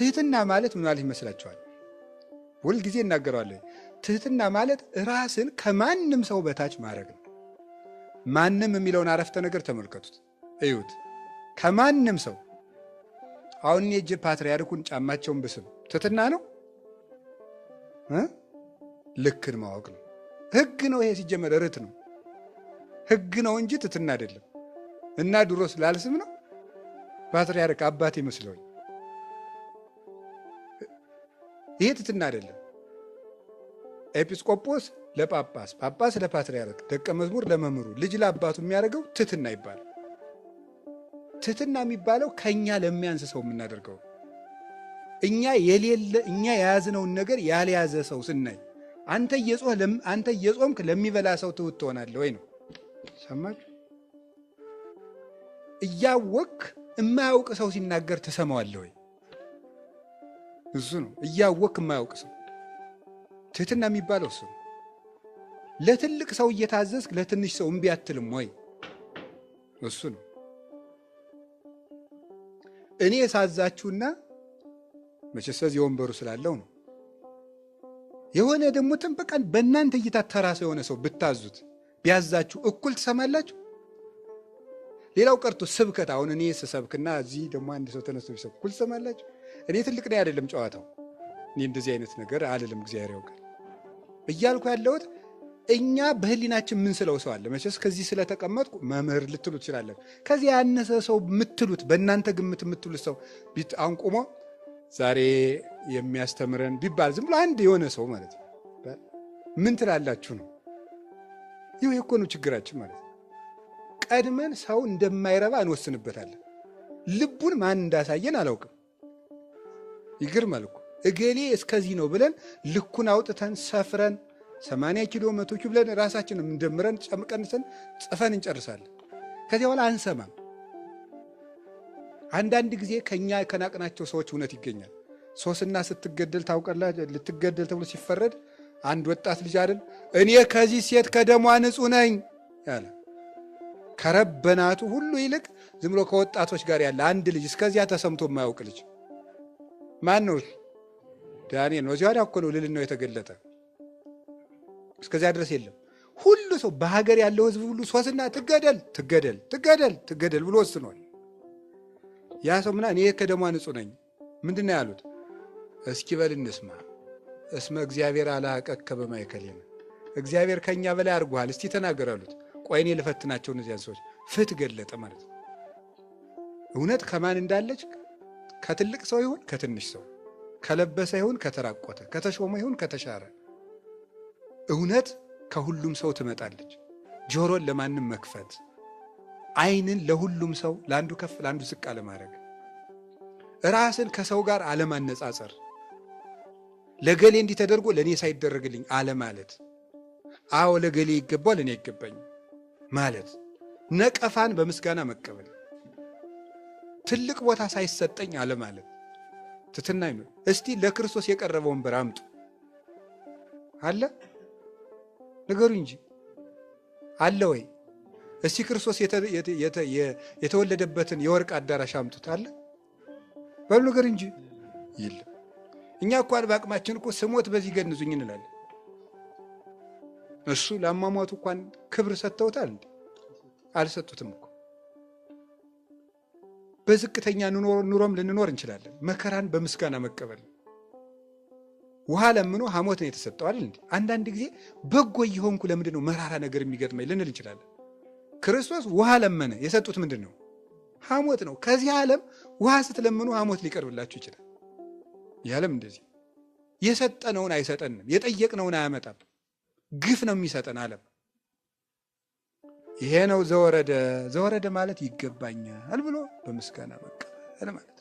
ትህትና ማለት ምን ማለት ይመስላችኋል? ሁልጊዜ እናገረዋለን። ትህትና ማለት ራስን ከማንም ሰው በታች ማድረግ ነው። ማንም የሚለውን አረፍተ ነገር ተመልከቱት፣ እዩት። ከማንም ሰው አሁን የእጅ ፓትርያርኩን ጫማቸውን ብስም ትህትና ነው? ልክን ማወቅ ነው። ህግ ነው ይሄ ሲጀመር ርት ነው ህግ ነው እንጂ ትህትና አይደለም። እና ድሮ ስላልስም ነው ፓትርያርክ አባት ይመስለውኝ ይሄ ትትና አይደለም። ኤጲስቆጶስ ለጳጳስ፣ ጳጳስ ለፓትርያርክ፣ ደቀ መዝሙር ለመምህሩ፣ ልጅ ለአባቱ የሚያደርገው ትትና ይባላል። ትትና የሚባለው ከእኛ ለሚያንስ ሰው የምናደርገው እኛ የሌለ እኛ የያዝነውን ነገር ያልያዘ ሰው ስናይ አንተ አንተ እየጾምክ ለሚበላ ሰው ትውት ትሆናለህ ወይ ነው። ሰማችሁ? እያወቅክ የማያውቅ ሰው ሲናገር ትሰማዋለህ ወይ? እሱ ነው። እያወክ የማያውቅ ሰው ትህትና የሚባለው እሱ ለትልቅ ሰው እየታዘዝክ ለትንሽ ሰው እምቢ አትልም ወይ? እሱ ነው። እኔ የሳዛችሁና መቼስ በዚህ ወንበሩ ስላለው ነው። የሆነ ደግሞ ጥንብቀን በእናንተ እይታ ተራ ሰው የሆነ ሰው ብታዙት ቢያዛችሁ እኩል ትሰማላችሁ። ሌላው ቀርቶ ስብከት፣ አሁን እኔ ስሰብክና እዚህ ደግሞ አንድ ሰው ተነስቶ ቢሰብክ እኩል ትሰማላችሁ? እኔ ትልቅ ነኝ አይደለም ጨዋታው። እኔ እንደዚህ አይነት ነገር አልልም፣ እግዚአብሔር ያውቃል እያልኩ ያለሁት እኛ በህሊናችን ስለው ሰው አለ። መቼስ ከዚህ ስለተቀመጥኩ መምህር ልትሉ ትችላለን። ከዚህ ያነሰ ሰው ምትሉት በእናንተ ግምት የምትሉት ሰው ቢት አንቁሞ ዛሬ የሚያስተምረን ቢባል ዝም ብሎ አንድ የሆነ ሰው ማለት ነው ምን ትላላችሁ ነው? ይህ እኮ ነው ችግራችን ማለት ነው። ቀድመን ሰው እንደማይረባ እንወስንበታለን። ልቡን ማን እንዳሳየን አላውቅም። ይገርማል እኮ እገሌ እስከዚህ ነው ብለን ልኩን አውጥተን ሰፍረን 80 ኪሎ መቶ ኪ ብለን ራሳችን እንደምረን ጨምቀንሰን ጽፈን እንጨርሳለን። ከዚያ በኋላ አንሰማም። አንዳንድ ጊዜ ከኛ ከናቅናቸው ሰዎች እውነት ይገኛል። ሶስና ስትገደል ታውቀላ ልትገደል ተብሎ ሲፈረድ አንድ ወጣት ልጅ አይደል እኔ ከዚህ ሴት ከደሟ ንጹሕ ነኝ ያለ ከረበናቱ ሁሉ ይልቅ ዝም ብሎ ከወጣቶች ጋር ያለ አንድ ልጅ እስከዚያ ተሰምቶ የማያውቅ ልጅ ማን ነው? ዳንኤል ነው። እዚያ እኮ ነው ልልናው የተገለጠ። እስከዚያ ድረስ የለም። ሁሉ ሰው በሀገር ያለው ህዝብ ሁሉ ሶስና ትገደል ትገደል ትገደል ትገደል ብሎ ወስኗል። ያ ሰው ምና እኔ ከደሟ ንጹህ ነኝ ምንድን ነው ያሉት? እስኪ በል እንስማ። እስመ እግዚአብሔር አላቀከ በማይከሌነ እግዚአብሔር ከእኛ በላይ አድርጎሃል፣ እስቲ ተናገር አሉት። ቆይ እኔ ልፈትናቸው እነዚያን ሰዎች። ፍት ገለጠ ማለት ነው እውነት ከማን እንዳለች ከትልቅ ሰው ይሁን ከትንሽ ሰው፣ ከለበሰ ይሁን ከተራቆተ፣ ከተሾመ ይሁን ከተሻረ፣ እውነት ከሁሉም ሰው ትመጣለች። ጆሮን ለማንም መክፈት፣ ዓይንን ለሁሉም ሰው ለአንዱ ከፍ ለአንዱ ዝቅ አለማድረግ፣ ራስን ከሰው ጋር አለማነጻጸር፣ ለገሌ እንዲህ ተደርጎ ለእኔ ሳይደረግልኝ አለማለት፣ አዎ ለገሌ ይገባል እኔ አይገባኝም ማለት፣ ነቀፋን በምስጋና መቀበል ትልቅ ቦታ ሳይሰጠኝ አለ ማለት ትትና ይኖር። እስቲ ለክርስቶስ የቀረበውን ወንበር አምጡ አለ ነገሩ እንጂ አለ ወይ? እስቲ ክርስቶስ የተወለደበትን የወርቅ አዳራሽ አምጡት አለ በሉ ነገር እንጂ የለም። እኛ እንኳን በአቅማችን እኮ ስሞት በዚህ ገንዙኝ እንላለን። እሱ ለአሟሟቱ እንኳን ክብር ሰጥተውታል እንዴ? አልሰጡትም እኮ በዝቅተኛ ኑሮም ልንኖር እንችላለን። መከራን በምስጋና መቀበል ውሃ ለምኖ ሐሞት ነው የተሰጠው አይደል እንዴ? አንዳንድ ጊዜ በጎ እየሆንኩ ለምንድን ነው መራራ ነገር የሚገጥመኝ ልንል እንችላለን። ክርስቶስ ውሃ ለመነ። የሰጡት ምንድን ነው? ሐሞት ነው። ከዚህ ዓለም ውሃ ስትለምኑ ሐሞት ሊቀርብላችሁ ይችላል። ያለም እንደዚህ የሰጠነውን አይሰጠንም፣ የጠየቅነውን አያመጣም። ግፍ ነው የሚሰጠን ዓለም። ይሄ ነው ዘወረደ። ዘወረደ ማለት ይገባኛል ብሎ በምስጋና መቀበል ማለት ነው።